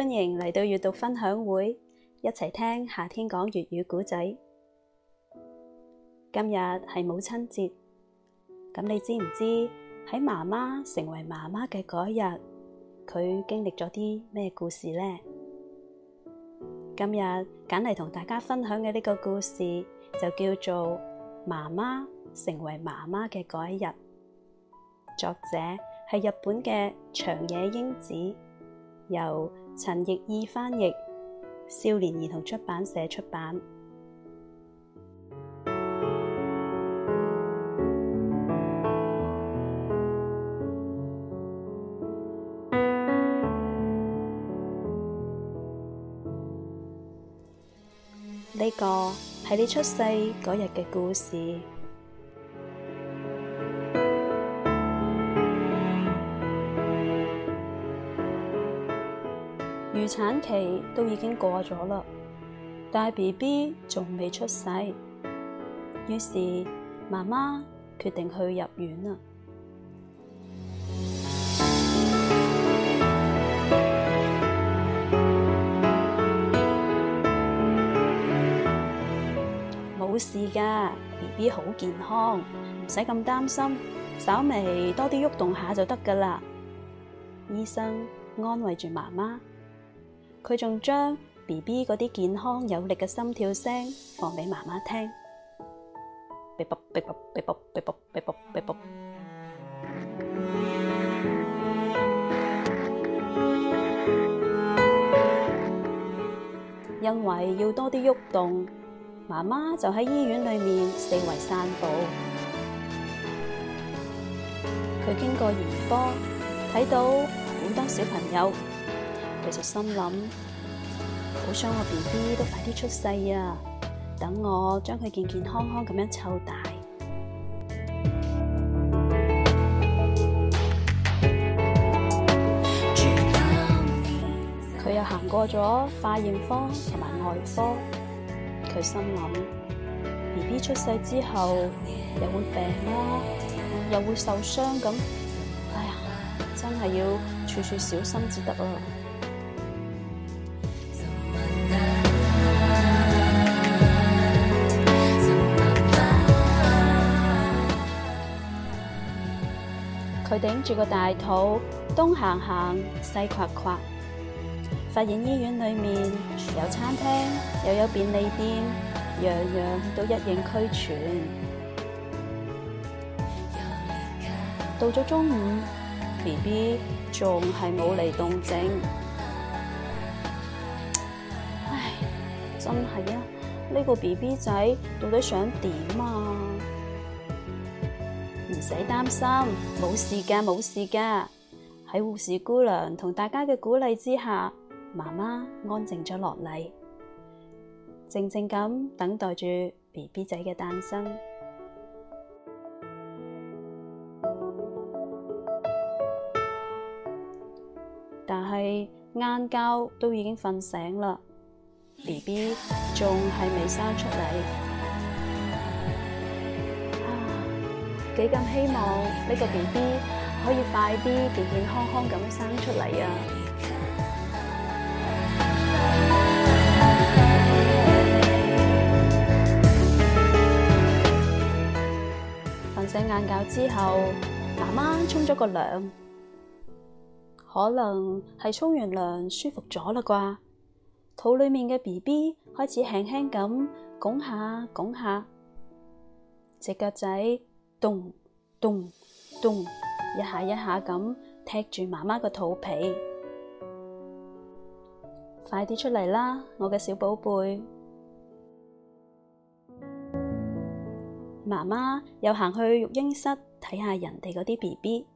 歡迎嚟到閱讀分享會，一齊聽夏天講粵語故仔。今日係母親節，咁你知唔知喺媽媽成為媽媽嘅嗰一日，佢經歷咗啲咩故事呢？今日揀嚟同大家分享嘅呢個故事就叫做《媽媽成為媽媽嘅嗰一日》，作者係日本嘅長野英子，由陳奕意翻譯，少年兒童出版社出版。呢個係你出世嗰日嘅故事。產期都已經過咗啦，但係 BB 仲未出世，於是媽媽決定去入院啦。冇事㗎，BB 好健康，唔使咁擔心，稍微多啲喐動下就得㗎啦。醫生安慰住媽媽。佢仲將 B B 嗰啲健康有力嘅心跳聲放俾媽媽聽，因為要多啲喐動，媽媽就喺醫院裏面四圍散步。佢經過兒科，睇到好多小朋友。就心諗，好想我 BB 都快啲出世呀！等我將佢健健康康咁樣湊大。佢又行過咗化驗科同埋外科，佢心諗 BB 出世之後又會病啦，又會受傷咁。哎呀，真係要處處小心至得啊！佢頂住個大肚，東行行，西逛逛，發現醫院裏面有餐廳，又有便利店，樣樣都一應俱全。到咗中午，BB 仲係冇嚟動靜，唉，真係啊！呢、這個 BB 仔到底想點啊？唔使擔心，冇事噶，冇事噶。喺護士姑娘同大家嘅鼓勵之下，媽媽安靜咗落嚟，靜靜咁等待住 BB 仔嘅誕生。但係晏覺都已經瞓醒啦，BB 仲係未生出嚟。幾咁希望呢個 B B 可以快啲健健康康咁生出嚟啊！瞓醒晏覺之後，媽媽沖咗個涼，可能係沖完涼舒服咗啦啩。肚裏面嘅 B B 開始輕輕咁拱下拱下，隻腳仔。咚咚咚，咚，一下一下咁踢住媽媽個肚皮，快啲出嚟啦，我嘅小寶貝！媽媽又行去育嬰室睇下人哋嗰啲 BB，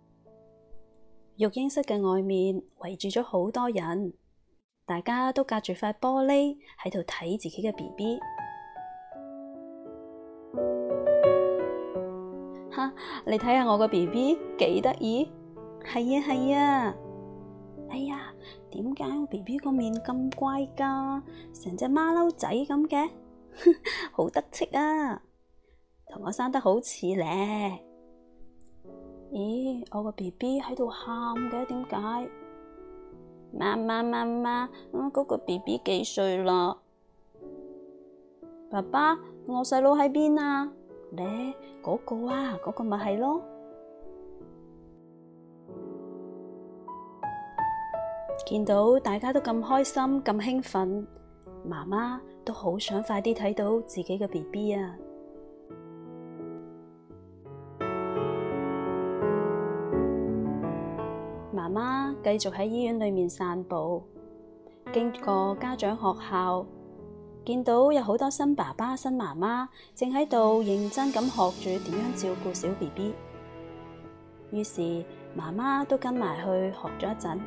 育嬰室嘅外面圍住咗好多人，大家都隔住塊玻璃喺度睇自己嘅 BB。你睇下我個 B B 幾得意，係啊係啊，哎呀，點解我 B B 個面咁乖噶？成隻馬騮仔咁嘅。 好得戚啊，同我生得好似咧。咦，我個 BB 媽媽媽媽，嗯那個 B B 喺度喊嘅，點解？媽媽媽媽，嗰個 B B 幾歲啦？爸爸，我細佬喺邊啊？咧嗰個啊，嗰個咪係咯，見到大家都咁開心咁 興奮，媽媽都好想快啲睇到自己嘅 BB 啊！媽媽繼續喺醫院裏面散步，經過家長學校。見到有好多新爸爸、新媽媽，正喺度認真咁學住點樣照顧小 BB，於是媽媽都跟埋去學咗一陣。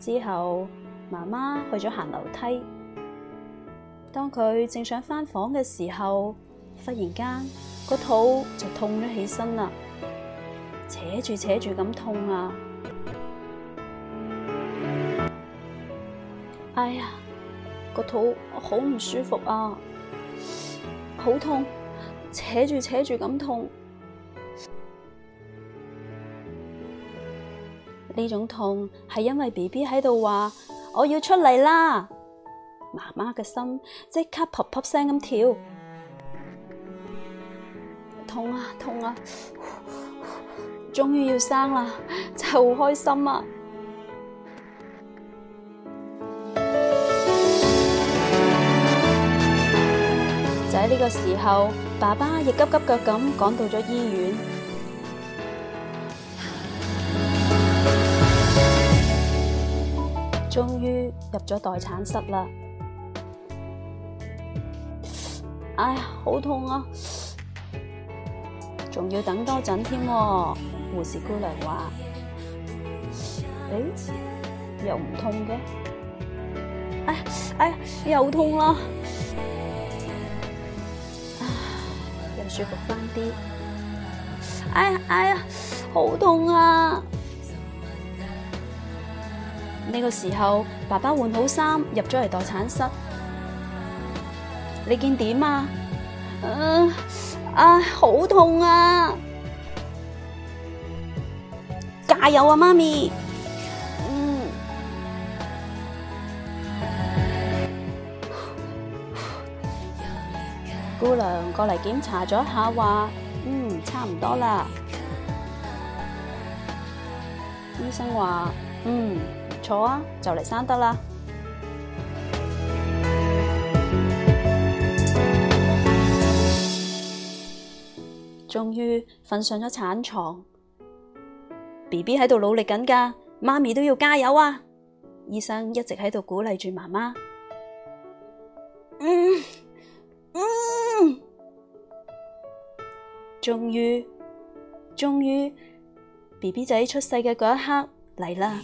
之後，媽媽去咗行樓梯，當佢正想返房嘅時候，忽然間個肚就痛咗起身啦。扯住扯住咁痛啊！哎呀，個肚好唔舒服啊，好痛，扯住扯住咁痛。呢種痛係因為 BB 喺度話我要出嚟啦，媽媽嘅心即刻噗噗聲咁跳，痛啊痛啊！終於要生啦，真係好開心啊！就喺呢個時候，爸爸亦急急腳咁趕到咗醫院，終於入咗待產室啦。哎呀，好痛啊！仲要等多陣添，護士姑娘話：誒、欸，又唔痛嘅，哎呀哎呀，又痛啦，又舒服返啲，哎呀哎呀，好痛啊！呢、這個時候，爸爸換好衫入咗嚟待產室，你見點啊？嗯、呃。啊，好、哎、痛啊！加油啊，媽咪！嗯， 姑娘過嚟檢查咗一下，話嗯差唔多啦。 醫生話嗯坐啊，就嚟生得啦。終於瞓上咗產床，B B 喺度努力緊㗎，媽咪都要加油啊！醫生一直喺度鼓勵住媽媽。嗯嗯，嗯終於，終於，B B 仔出世嘅嗰一刻嚟啦！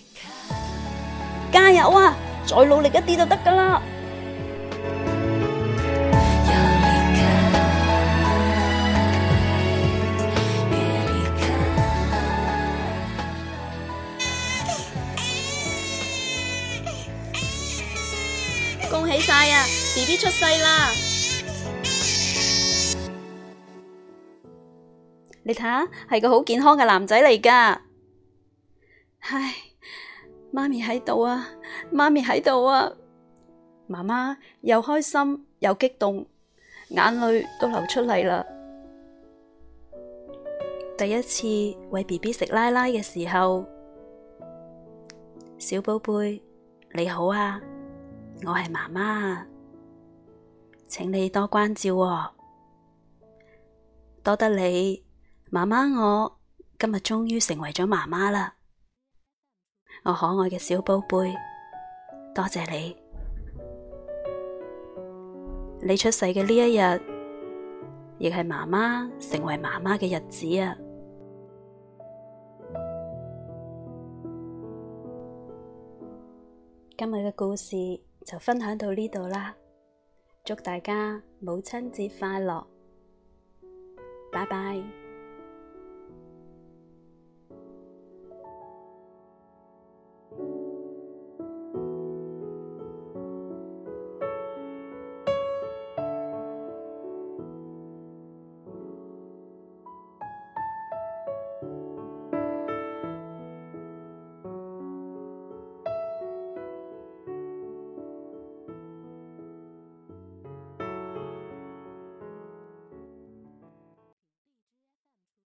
加油啊，再努力一啲就得㗎啦！恭喜晒啊！BB 出世啦！你睇下，係個好健康嘅男仔嚟噶。唉，媽咪喺度啊，媽咪喺度啊！媽媽又開心又激動，眼淚都流出嚟啦。第一次餵 BB 食奶奶嘅時候，小寶貝，你好啊！我係媽媽，請你多關照，哦，多得你，媽媽我今日終於成為咗媽媽啦！我可愛嘅小寶貝，多謝你，你出世嘅呢一日，亦係媽媽成為媽媽嘅日子啊！今日嘅故事，就分享到呢度啦，祝大家母親節快樂，拜拜。